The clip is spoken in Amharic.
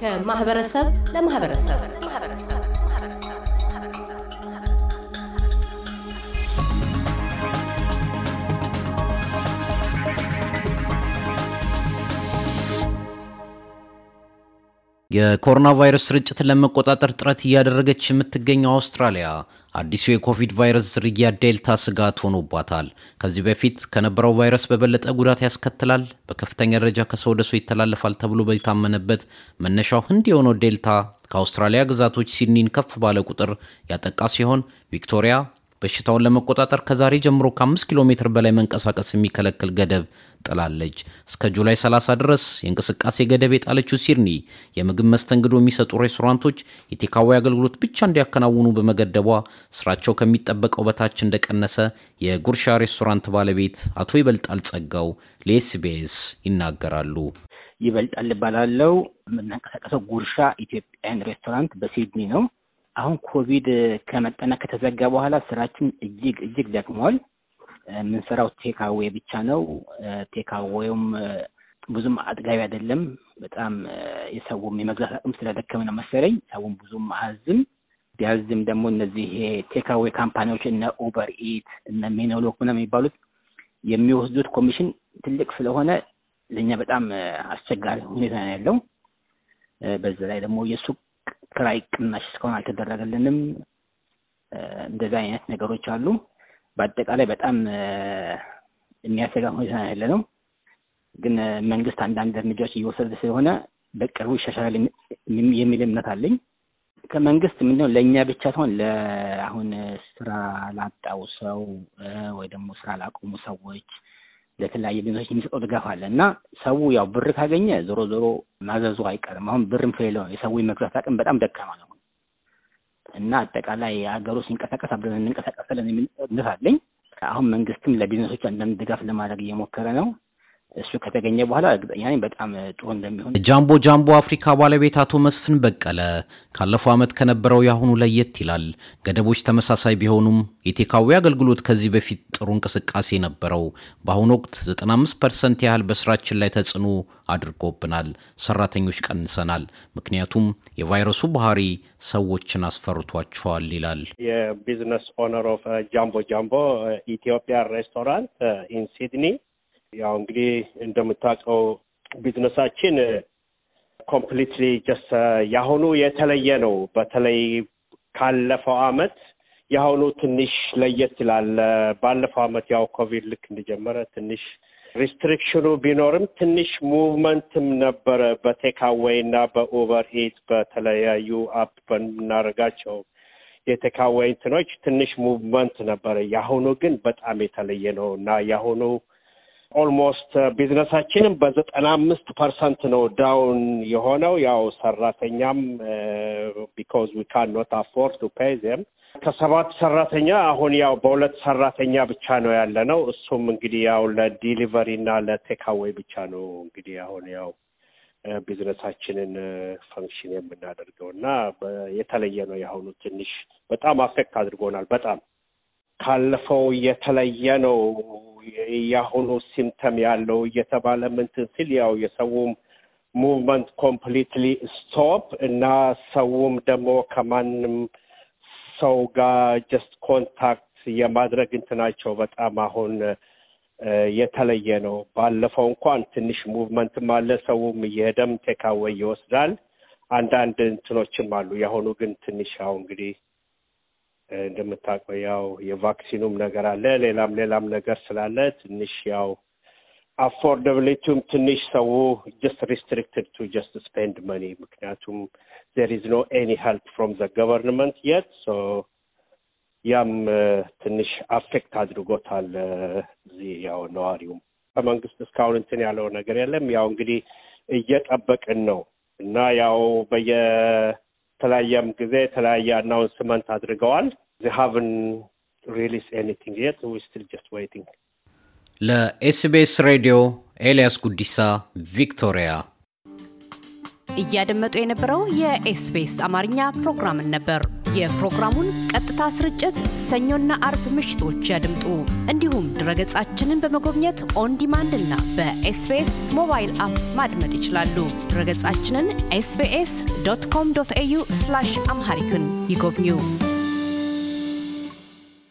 ከማህበረሰብ ለማህበረሰብ የኮሮና ቫይረስ ስርጭትን ለመቆጣጠር ጥረት እያደረገች የምትገኘው አውስትራሊያ አዲሱ የኮቪድ ቫይረስ ዝርያ ዴልታ ስጋት ሆኖባታል። ከዚህ በፊት ከነበረው ቫይረስ በበለጠ ጉዳት ያስከትላል፣ በከፍተኛ ደረጃ ከሰው ወደ ሰው ይተላለፋል ተብሎ በታመነበት መነሻው ህንድ የሆነው ዴልታ ከአውስትራሊያ ግዛቶች ሲድኒን ከፍ ባለ ቁጥር ያጠቃ ሲሆን ቪክቶሪያ በሽታውን ለመቆጣጠር ከዛሬ ጀምሮ ከ5 ኪሎ ሜትር በላይ መንቀሳቀስ የሚከለክል ገደብ ጥላለች። እስከ ጁላይ 30 ድረስ የእንቅስቃሴ ገደብ የጣለችው ሲድኒ የምግብ መስተንግዶ የሚሰጡ ሬስቶራንቶች የቴካዋይ አገልግሎት ብቻ እንዲያከናውኑ በመገደቧ ስራቸው ከሚጠበቀው በታች እንደቀነሰ የጉርሻ ሬስቶራንት ባለቤት አቶ ይበልጣል ጸጋው ለኤስቢኤስ ይናገራሉ። ይበልጣል እባላለሁ። የምናንቀሳቀሰው ጉርሻ ኢትዮጵያን ሬስቶራንት በሲድኒ ነው። አሁን ኮቪድ ከመጠና ከተዘጋ በኋላ ስራችን እጅግ እጅግ ደክሟል። የምንሰራው ቴካዌ ብቻ ነው። ቴካዌውም ብዙም አጥጋቢ አይደለም። በጣም የሰውም የመግዛት አቅም ስለደከመ ነው መሰለኝ ሰውም ብዙም አያዝም። ቢያዝም ደግሞ እነዚህ ቴካዌ ካምፓኒዎች እነ ኡበር ኢት እነ ሜኖሎክ ምናምን የሚባሉት የሚወስዱት ኮሚሽን ትልቅ ስለሆነ ለእኛ በጣም አስቸጋሪ ሁኔታ ነው ያለው። በዛ ላይ ደግሞ የሱቅ ክራይ ቅናሽ እስካሁን አልተደረገልንም። እንደዚህ አይነት ነገሮች አሉ። በአጠቃላይ በጣም የሚያሰጋ ሁኔታ ያለ ነው። ግን መንግስት አንዳንድ እርምጃዎች እየወሰደ ስለሆነ በቅርቡ ይሻሻላል የሚል እምነት አለኝ። ከመንግስት ምንድነው ለእኛ ብቻ ሲሆን ለአሁን ስራ ላጣው ሰው ወይ ደግሞ ስራ ላቆሙ ሰዎች ለተለያየ ቢዝነሶች የሚሰጠው ድጋፍ አለ እና ሰው ያው ብር ካገኘ ዞሮ ዞሮ ማዘዙ አይቀርም። አሁን ብርም ከሌለው የሰው የመግዛት አቅም በጣም ደካማ ነው እና አጠቃላይ የሀገሩ ሲንቀሳቀስ አብረን እንንቀሳቀሳለን የሚል እምነት አለኝ። አሁን መንግስትም ለቢዝነሶች አንዳንድ ድጋፍ ለማድረግ እየሞከረ ነው። እሱ ከተገኘ በኋላ እርግጠኛ ነኝ በጣም ጥሩ እንደሚሆን። ጃምቦ ጃምቦ አፍሪካ ባለቤት አቶ መስፍን በቀለ ካለፈው ዓመት ከነበረው የአሁኑ ለየት ይላል። ገደቦች ተመሳሳይ ቢሆኑም የቴካዊ አገልግሎት ከዚህ በፊት ጥሩ እንቅስቃሴ ነበረው። በአሁኑ ወቅት 95 ፐርሰንት ያህል በስራችን ላይ ተጽዕኖ አድርጎብናል። ሰራተኞች ቀንሰናል። ምክንያቱም የቫይረሱ ባህሪ ሰዎችን አስፈርቷቸዋል ይላል የቢዝነስ ኦነር ኦፍ ጃምቦ ጃምቦ ኢትዮጵያ ሬስቶራንት ኢን ሲድኒ ያው እንግዲህ እንደምታውቀው ቢዝነሳችን ኮምፕሊትሊ ጀስ የአሁኑ የተለየ ነው። በተለይ ካለፈው አመት የአሁኑ ትንሽ ለየት ይላል። uh, ባለፈው አመት ያው ኮቪድ ልክ እንደጀመረ ትንሽ ሪስትሪክሽኑ ቢኖርም ትንሽ ሙቭመንትም ነበረ በቴካዌይ እና በኦቨር ሂት በተለያዩ አፕ በምናደርጋቸው የቴካዌይ እንትኖች ትንሽ ሙቭመንት ነበረ። የአሁኑ ግን በጣም የተለየ ነው እና የአሁኑ ኦልሞስት ቢዝነሳችንም በዘጠና አምስት ፐርሰንት ነው ዳውን የሆነው። ያው ሰራተኛም ቢካዝ ዊ ካን ኖት አፎርድ ቱ ፔይ ዜም ከሰባት ሰራተኛ አሁን ያው በሁለት ሰራተኛ ብቻ ነው ያለ ነው። እሱም እንግዲህ ያው ለዲሊቨሪ እና ለቴካዌይ ብቻ ነው እንግዲህ አሁን ያው uh, ቢዝነሳችንን ፈንክሽን uh, የምናደርገው እና የተለየ ነው የአሁኑ። ትንሽ በጣም አፌክት አድርጎናል። በጣም ካለፈው የተለየ ነው የአሁኑ ሲምተም ያለው እየተባለ ምንትን ሲል ያው የሰውም ሙቭመንት ኮምፕሊትሊ ስቶፕ እና ሰውም ደግሞ ከማንም ሰው ጋር ጀስት ኮንታክት የማድረግ እንትናቸው በጣም አሁን የተለየ ነው። ባለፈው እንኳን ትንሽ ሙቭመንትም አለ፣ ሰውም እየሄደም ቴካወይ ይወስዳል። አንዳንድ እንትኖችም አሉ። የአሁኑ ግን ትንሽ ያው እንግዲህ እንደምታውቀው ያው የቫክሲኑም ነገር አለ፣ ሌላም ሌላም ነገር ስላለ ትንሽ ያው አፎርደብሊቲውም ትንሽ ሰው ጀስት ሪስትሪክትድ ቱ ጀስት ስፔንድ መኒ ምክንያቱም ዜር ኢዝ ኖ ኤኒ ሄልፕ ፍሮም ዘ ገቨርንመንት የት ሶ ያም uh, ትንሽ አፌክት አድርጎታል። uh, እዚህ ያው ነዋሪውም ከመንግስት እስካሁን እንትን ያለው ነገር የለም። ያው እንግዲህ እየጠበቅን ነው እና ያው በየተለያየም ጊዜ የተለያየ አናውንስመንት አድርገዋል። ለኤስቢኤስ ሬዲዮ ኤልያስ ጉዲሳ ቪክቶሪያ። እያደመጡ የነበረው የኤስቢኤስ አማርኛ ፕሮግራምን ነበር። የፕሮግራሙን ቀጥታ ስርጭት ሰኞና አርብ ምሽቶች ያድምጡ። እንዲሁም ድረገጻችንን በመጎብኘት ኦን ዲማንድ እና በኤስቢኤስ ሞባይል አፕ ማድመጥ ይችላሉ። ድረገጻችንን ኤስቢኤስ ዶት ኮም ዶት ኤዩ አምሃሪክን ይጎብኙ።